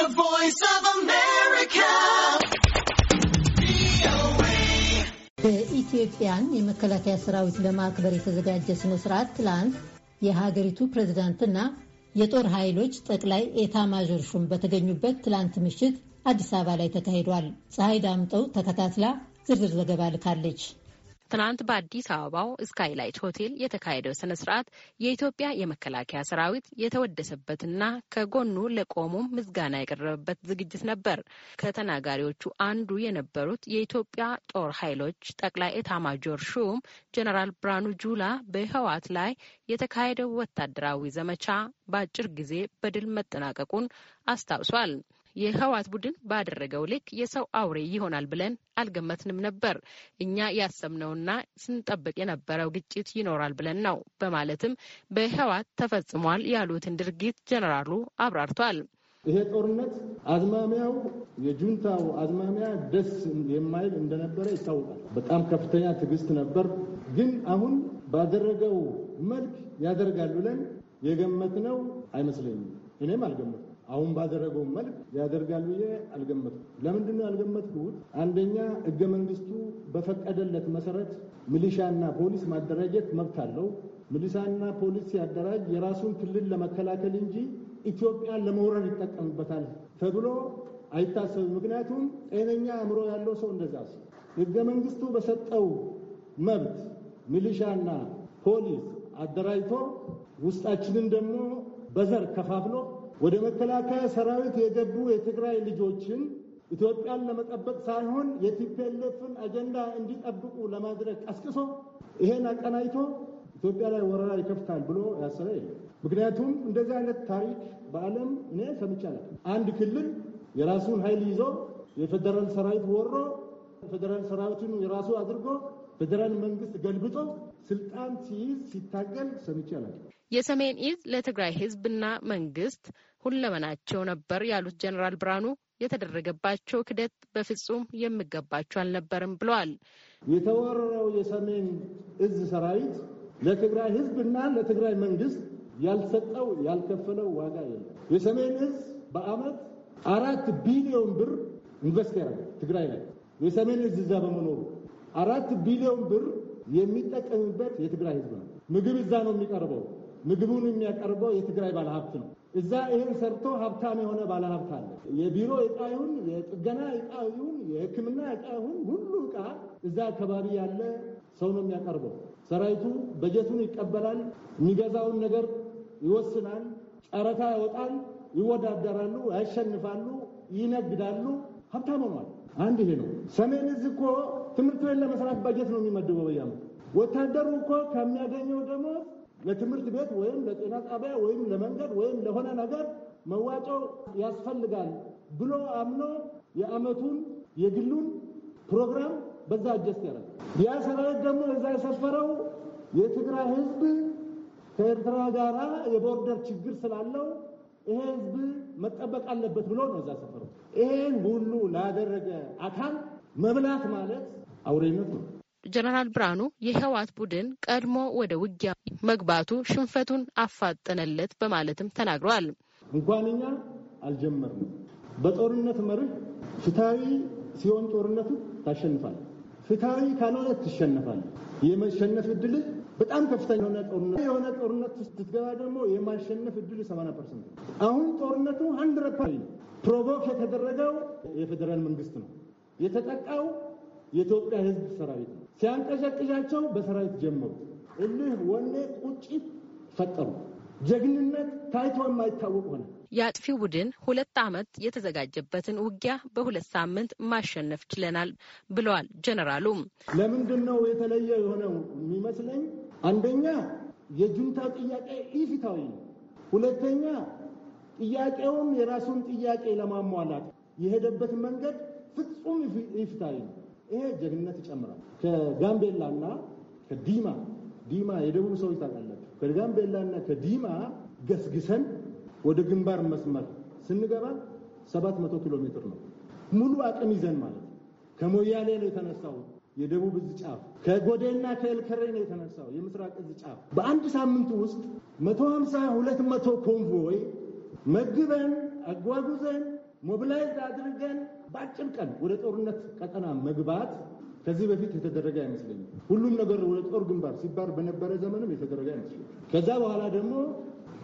The Voice of America. በኢትዮጵያን የመከላከያ ሰራዊት ለማክበር የተዘጋጀ ስነ ስርዓት ትላንት የሀገሪቱ ፕሬዝዳንትና የጦር ኃይሎች ጠቅላይ ኤታ ማዦር ሹም በተገኙበት ትላንት ምሽት አዲስ አበባ ላይ ተካሂዷል። ፀሐይ ዳምጠው ተከታትላ ዝርዝር ዘገባ ልካለች። ትናንት በአዲስ አበባው ስካይላይት ሆቴል የተካሄደው ስነ ስርዓት የኢትዮጵያ የመከላከያ ሰራዊት የተወደሰበትና ከጎኑ ለቆሙም ምስጋና የቀረበበት ዝግጅት ነበር። ከተናጋሪዎቹ አንዱ የነበሩት የኢትዮጵያ ጦር ኃይሎች ጠቅላይ ኤታማጆር ሹም ጀነራል ብርሃኑ ጁላ በህወሓት ላይ የተካሄደው ወታደራዊ ዘመቻ በአጭር ጊዜ በድል መጠናቀቁን አስታውሷል። የህዋት ቡድን ባደረገው ልክ የሰው አውሬ ይሆናል ብለን አልገመትንም ነበር። እኛ ያሰብነውና ስንጠብቅ የነበረው ግጭት ይኖራል ብለን ነው በማለትም በህዋት ተፈጽሟል ያሉትን ድርጊት ጀነራሉ አብራርቷል። ይሄ ጦርነት አዝማሚያው የጁንታው አዝማሚያ ደስ የማይል እንደነበረ ይታወቃል። በጣም ከፍተኛ ትዕግስት ነበር። ግን አሁን ባደረገው መልክ ያደርጋል ብለን የገመትነው አይመስለኝም። እኔም አልገመት አሁን ባደረገው መልክ ያደርጋል ብዬ አልገመትኩም። ለምንድን ነው ያልገመትኩት? አንደኛ ህገ መንግስቱ በፈቀደለት መሰረት ሚሊሻና ፖሊስ ማደራጀት መብት አለው። ሚሊሻና ፖሊስ ሲያደራጅ የራሱን ክልል ለመከላከል እንጂ ኢትዮጵያን ለመውረር ይጠቀምበታል ተብሎ አይታሰብም። ምክንያቱም ጤነኛ አእምሮ ያለው ሰው እንደዛ ህገ መንግስቱ በሰጠው መብት ሚሊሻና ፖሊስ አደራጅቶ ውስጣችንን ደግሞ በዘር ከፋፍሎ ወደ መከላከያ ሰራዊት የገቡ የትግራይ ልጆችን ኢትዮጵያን ለመጠበቅ ሳይሆን የቲፒኤልኤፍን አጀንዳ እንዲጠብቁ ለማድረግ ቀስቅሶ ይሄን አቀናጅቶ ኢትዮጵያ ላይ ወረራ ይከፍታል ብሎ ያሰበ የለም። ምክንያቱም እንደዚህ አይነት ታሪክ በዓለም እኔ ሰምቻለሁ። አንድ ክልል የራሱን ኃይል ይዞ የፌደራል ሰራዊት ወሮ ፌዴራል ሰራዊቱን የራሱ አድርጎ ፌዴራል መንግስት ገልብጦ ስልጣን ሲይዝ ሲታገል ሰምቻለሁ። የሰሜን ኢዝ ለትግራይ ህዝብና መንግስት ሁለመናቸው ነበር ያሉት ጀኔራል ብርሃኑ የተደረገባቸው ክደት በፍጹም የሚገባቸው አልነበርም ብለዋል። የተወረረው የሰሜን እዝ ሰራዊት ለትግራይ ህዝብና ለትግራይ መንግስት ያልሰጠው ያልከፈለው ዋጋ የለም። የሰሜን እዝ በአመት አራት ቢሊዮን ብር ኢንቨስት ያደርጋል ትግራይ ላይ የሰሜን እዝ እዛ በመኖሩ አራት ቢሊዮን ብር የሚጠቀምበት የትግራይ ህዝብ ነው። ምግብ እዛ ነው የሚቀርበው። ምግቡን የሚያቀርበው የትግራይ ባለሀብት ነው። እዛ ይህን ሰርቶ ሀብታም የሆነ ባለሀብት አለ። የቢሮ እቃ ይሁን፣ የጥገና እቃ ይሁን፣ የሕክምና እቃ ይሁን፣ ሁሉ እቃ እዛ አካባቢ ያለ ሰው ነው የሚያቀርበው። ሰራዊቱ በጀቱን ይቀበላል፣ የሚገዛውን ነገር ይወስናል፣ ጨረታ ያወጣል፣ ይወዳደራሉ፣ ያሸንፋሉ፣ ይነግዳሉ፣ ሀብታም ሆኗል። አንድ ይሄ ነው። ሰሜን እዝ እኮ ትምህርት ቤት ለመስራት በጀት ነው የሚመድበው በየዓመቱ። ወታደሩ እኮ ከሚያገኘው ደሞዝ ለትምህርት ቤት ወይም ለጤና ጣቢያ ወይም ለመንገድ ወይም ለሆነ ነገር መዋጮ ያስፈልጋል ብሎ አምኖ የአመቱን የግሉን ፕሮግራም በዛ አጀስት ያደረገ ያ ሰራዊት ደግሞ እዛ የሰፈረው የትግራይ ህዝብ ከኤርትራ ጋራ የቦርደር ችግር ስላለው ይሄ ህዝብ መጠበቅ አለበት ብሎ ነው እዛ ሰፈረው። ይሄን ሁሉ ላደረገ አካል መብላት ማለት አውሬነት ነው። ጀነራል ብርሃኑ የህወሓት ቡድን ቀድሞ ወደ ውጊያ መግባቱ ሽንፈቱን አፋጠነለት በማለትም ተናግረዋል። እንኳን እኛ አልጀመርንም። በጦርነት መርህ ፍትሐዊ ሲሆን ጦርነቱ ታሸንፋል፣ ፍትሐዊ ካልሆነ ትሸነፋል። የመሸነፍ እድል በጣም ከፍተኛ የሆነ ጦርነት የሆነ ጦርነት ስትገባ ደግሞ የማሸነፍ እድል 80 ፐርሰንት። አሁን ጦርነቱ አንድ ረፓሪ ፕሮቮክ የተደረገው የፌዴራል መንግስት ነው። የተጠቃው የኢትዮጵያ ህዝብ ሰራዊት ሲያንቀዠቅዣቸው በሰራዊት ጀመሩ። እልህ፣ ወኔ፣ ቁጭት ፈጠሩ። ጀግንነት ታይቶ የማይታወቅ ሆነ። የአጥፊው ቡድን ሁለት ዓመት የተዘጋጀበትን ውጊያ በሁለት ሳምንት ማሸነፍ ችለናል ብለዋል ጀነራሉ። ለምንድን ነው የተለየ የሆነው የሚመስለኝ? አንደኛ የጁንታው ጥያቄ ኢፊታዊ ነው። ሁለተኛ ጥያቄውን የራሱን ጥያቄ ለማሟላት የሄደበትን መንገድ ፍጹም ኢፊታዊ ነው። ይሄ ጀግንነት ይጨምራል። ከጋምቤላና ከዲማ ዲማ የደቡብ ሰዎች ታውቃላችሁ። ከጋምቤላና ከዲማ ገስግሰን ወደ ግንባር መስመር ስንገባ 700 ኪሎ ሜትር ነው። ሙሉ አቅም ይዘን ማለት ነው። ከሞያሌ ነው የተነሳው የደቡብ እዝ ጫፍ፣ ከጎዴና ከኤልከሬ ነው የተነሳው የምስራቅ እዝ ጫፍ። በአንድ ሳምንት ውስጥ 150 200 ኮንቮይ መግበን አጓጉዘን ሞቢላይዝ አድርገን በአጭር ቀን ወደ ጦርነት ቀጠና መግባት ከዚህ በፊት የተደረገ አይመስለኝም። ሁሉም ነገር ወደ ጦር ግንባር ሲባል በነበረ ዘመንም የተደረገ አይመስለኝም። ከዛ በኋላ ደግሞ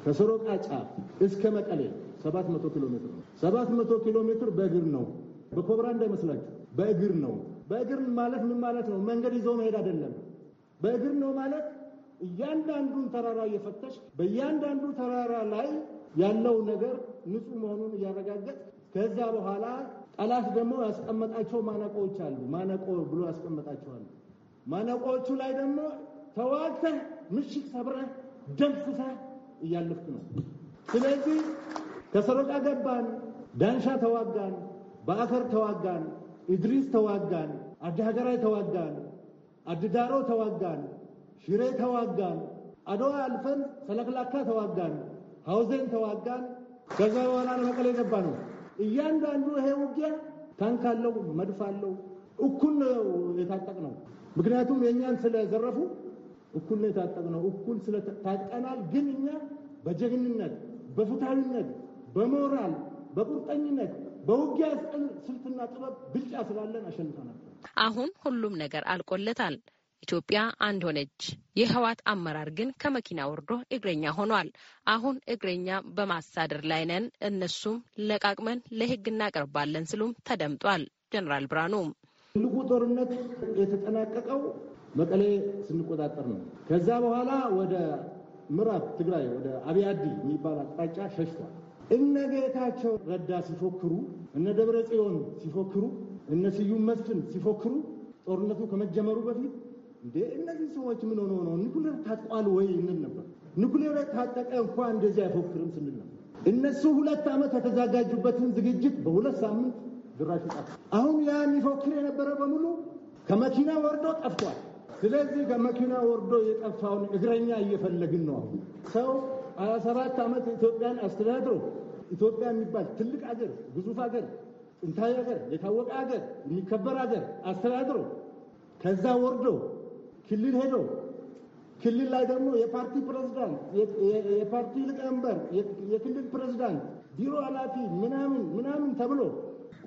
ከሰሮቃ ጫፍ እስከ መቀሌ 700 ኪሎ ሜትር ነው። 700 ኪሎ ሜትር በእግር ነው። በኮብራ እንዳይመስላችሁ በእግር ነው። በእግር ማለት ምን ማለት ነው? መንገድ ይዞ መሄድ አይደለም። በእግር ነው ማለት እያንዳንዱን ተራራ እየፈተሽ በእያንዳንዱ ተራራ ላይ ያለው ነገር ንጹህ መሆኑን እያረጋገጥ ከዛ በኋላ ጠላት ደግሞ ያስቀመጣቸው ማነቆዎች አሉ። ማነቆ ብሎ ያስቀመጣቸዋል። ማነቆዎቹ ላይ ደግሞ ተዋግተህ ምሽግ ሰብረህ ደምስሰህ እያለፍክ ነው። ስለዚህ ከሰሎቃ ገባን፣ ዳንሻ ተዋጋን፣ በአፈር ተዋጋን፣ ኢድሪስ ተዋጋን፣ አዲሀገራይ ተዋጋን፣ አድዳሮ ተዋጋን፣ ሽሬ ተዋጋን፣ አድዋ አልፈን ሰለክላካ ተዋጋን፣ ሀውዜን ተዋጋን። ከዛ በኋላ ለመቀሌ ገባ ነው። እያንዳንዱ ይሄ ውጊያ ታንክ አለው፣ መድፍ አለው። እኩል ነው የታጠቅ ነው። ምክንያቱም የእኛን ስለዘረፉ እኩል ነው የታጠቅነው። እኩል ስለታጥቀናል። ግን እኛ በጀግንነት በፍትሐዊነት፣ በሞራል፣ በቁርጠኝነት በውጊያ ስልትና ጥበብ ብልጫ ስላለን አሸንፈናል። አሁን ሁሉም ነገር አልቆለታል። ኢትዮጵያ አንድ ሆነች። የህዋት አመራር ግን ከመኪና ወርዶ እግረኛ ሆኗል። አሁን እግረኛ በማሳደር ላይ ነን፣ እነሱም ለቃቅመን ለህግ እናቀርባለን ስሉም ተደምጧል። ጀነራል ብርሃኑ ትልቁ ጦርነት የተጠናቀቀው መቀሌ ስንቆጣጠር ነው። ከዛ በኋላ ወደ ምዕራብ ትግራይ ወደ አብያዲ የሚባል አቅጣጫ ሸሽቷል። እነ ጌታቸው ረዳ ሲፎክሩ፣ እነ ደብረ ጽዮን ሲፎክሩ፣ እነ ስዩም መስፍን ሲፎክሩ ጦርነቱ ከመጀመሩ በፊት እንዴ እነዚህ ሰዎች ምን ሆኖ ነው? ኒኩሌር ታጥቋል ወይ እንል ነበር። ኒኩሌር ታጠቀ እንኳ እንደዚህ አይፎክርም ስንል ነበር። እነሱ ሁለት ዓመት የተዘጋጁበትን ዝግጅት በሁለት ሳምንት ድራሽ ጠፍ አሁን ያ የሚፎክር የነበረ በሙሉ ከመኪና ወርዶ ጠፍቷል። ስለዚህ ከመኪና ወርዶ የጠፋውን እግረኛ እየፈለግን ነው። አሁን ሰው ሀያ ሰባት ዓመት ኢትዮጵያን አስተዳድሮ ኢትዮጵያ የሚባል ትልቅ አገር፣ ግዙፍ አገር፣ ጥንታዊ አገር፣ የታወቀ አገር፣ የሚከበር አገር አስተዳድሮ ከዛ ወርዶ ክልል ሄዶ ክልል ላይ ደግሞ የፓርቲ ፕሬዝዳንት፣ የፓርቲ ሊቀመንበር፣ የክልል ፕሬዝዳንት፣ ቢሮ ኃላፊ ምናምን ምናምን ተብሎ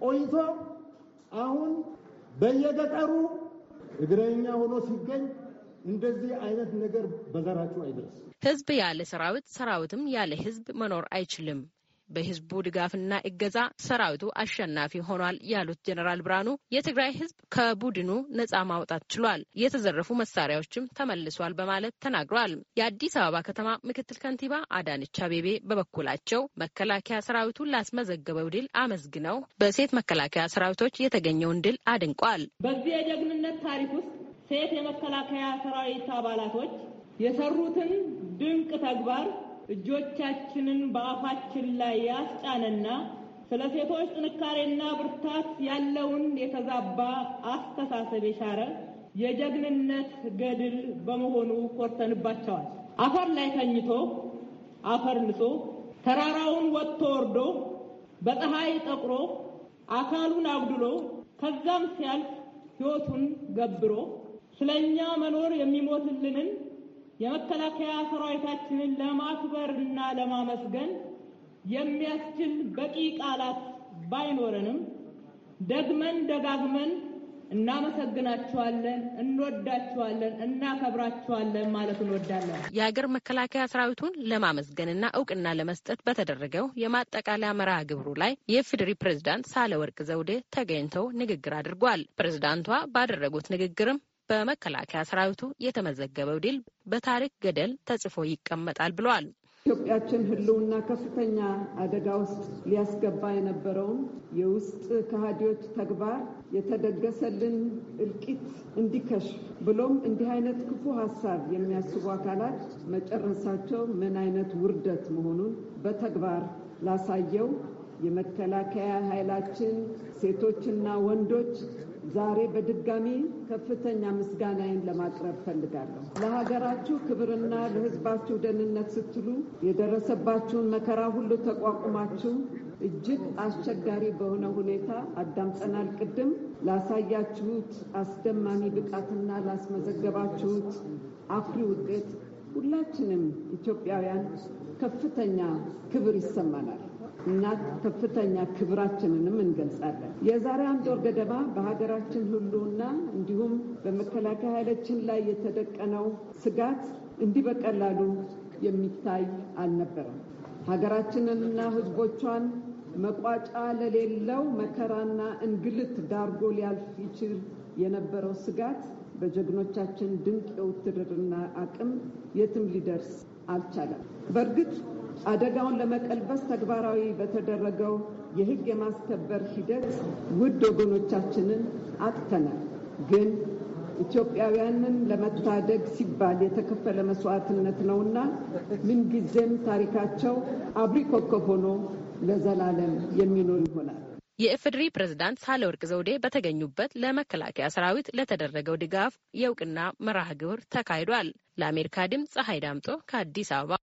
ቆይቶ አሁን በየገጠሩ እግረኛ ሆኖ ሲገኝ እንደዚህ አይነት ነገር በዘራጩ አይደርስ። ህዝብ ያለ ሰራዊት ሰራዊትም ያለ ህዝብ መኖር አይችልም በህዝቡ ድጋፍና እገዛ ሰራዊቱ አሸናፊ ሆኗል ያሉት ጀኔራል ብርሃኑ የትግራይ ህዝብ ከቡድኑ ነጻ ማውጣት ችሏል፣ የተዘረፉ መሳሪያዎችም ተመልሷል በማለት ተናግረዋል። የአዲስ አበባ ከተማ ምክትል ከንቲባ አዳነች አቤቤ በበኩላቸው መከላከያ ሰራዊቱ ላስመዘገበው ድል አመስግነው በሴት መከላከያ ሰራዊቶች የተገኘውን ድል አድንቋል። በዚህ የጀግንነት ታሪክ ውስጥ ሴት የመከላከያ ሰራዊት አባላቶች የሰሩትን ድንቅ ተግባር እጆቻችንን በአፋችን ላይ ያስጫነና ስለ ሴቶች ጥንካሬና ብርታት ያለውን የተዛባ አስተሳሰብ የሻረ የጀግንነት ገድል በመሆኑ ኮርተንባቸዋል። አፈር ላይ ተኝቶ አፈር ንጾ ተራራውን ወጥቶ ወርዶ በፀሐይ ጠቁሮ አካሉን አጉድሎ ከዛም ሲያልፍ ሕይወቱን ገብሮ ስለኛ መኖር የሚሞትልንን የመከላከያ ሰራዊታችንን ለማክበር እና ለማመስገን የሚያስችል በቂ ቃላት ባይኖረንም ደግመን ደጋግመን እናመሰግናችኋለን፣ እንወዳችኋለን፣ እናከብራችኋለን ማለት እንወዳለን። የሀገር መከላከያ ሰራዊቱን ለማመስገንና እውቅና ለመስጠት በተደረገው የማጠቃለያ መርሃ ግብሩ ላይ የፌዴሪ ፕሬዝዳንት ሳለወርቅ ዘውዴ ተገኝተው ንግግር አድርጓል። ፕሬዝዳንቷ ባደረጉት ንግግርም በመከላከያ ሰራዊቱ የተመዘገበው ድል በታሪክ ገደል ተጽፎ ይቀመጣል ብለዋል። ኢትዮጵያችን ሕልውና ከፍተኛ አደጋ ውስጥ ሊያስገባ የነበረውን የውስጥ ከሃዲዎች ተግባር የተደገሰልን እልቂት እንዲከሽ ብሎም እንዲህ አይነት ክፉ ሀሳብ የሚያስቡ አካላት መጨረሳቸው ምን አይነት ውርደት መሆኑን በተግባር ላሳየው የመከላከያ ኃይላችን ሴቶችና ወንዶች ዛሬ በድጋሚ ከፍተኛ ምስጋናዬን ለማቅረብ ፈልጋለሁ። ለሀገራችሁ ክብርና ለሕዝባችሁ ደህንነት ስትሉ የደረሰባችሁን መከራ ሁሉ ተቋቁማችሁ እጅግ አስቸጋሪ በሆነ ሁኔታ አዳምጠናል። ቅድም ላሳያችሁት አስደማሚ ብቃትና ላስመዘገባችሁት አኩሪ ውጤት ሁላችንም ኢትዮጵያውያን ከፍተኛ ክብር ይሰማናል። እና ከፍተኛ ክብራችንንም እንገልጻለን። የዛሬ አንድ ወር ገደማ በሀገራችን ሁሉና እንዲሁም በመከላከያ ኃይላችን ላይ የተደቀነው ስጋት እንዲህ በቀላሉ የሚታይ አልነበረም። ሀገራችንንና ሕዝቦቿን መቋጫ ለሌለው መከራና እንግልት ዳርጎ ሊያልፍ ይችል የነበረው ስጋት በጀግኖቻችን ድንቅ የውትድርና አቅም የትም ሊደርስ አልቻለም። በእርግጥ አደጋውን ለመቀልበስ ተግባራዊ በተደረገው የህግ የማስከበር ሂደት ውድ ወገኖቻችንን አጥተናል። ግን ኢትዮጵያውያንን ለመታደግ ሲባል የተከፈለ መስዋዕትነት ነውና ምንጊዜም ታሪካቸው አብሪ ኮከብ ሆኖ ለዘላለም የሚኖር ይሆናል። የኢፌዴሪ ፕሬዝዳንት ሳህለወርቅ ዘውዴ በተገኙበት ለመከላከያ ሰራዊት ለተደረገው ድጋፍ የእውቅና መርሃ ግብር ተካሂዷል። ለአሜሪካ ድምፅ ፀሐይ ዳምጦ ከአዲስ አበባ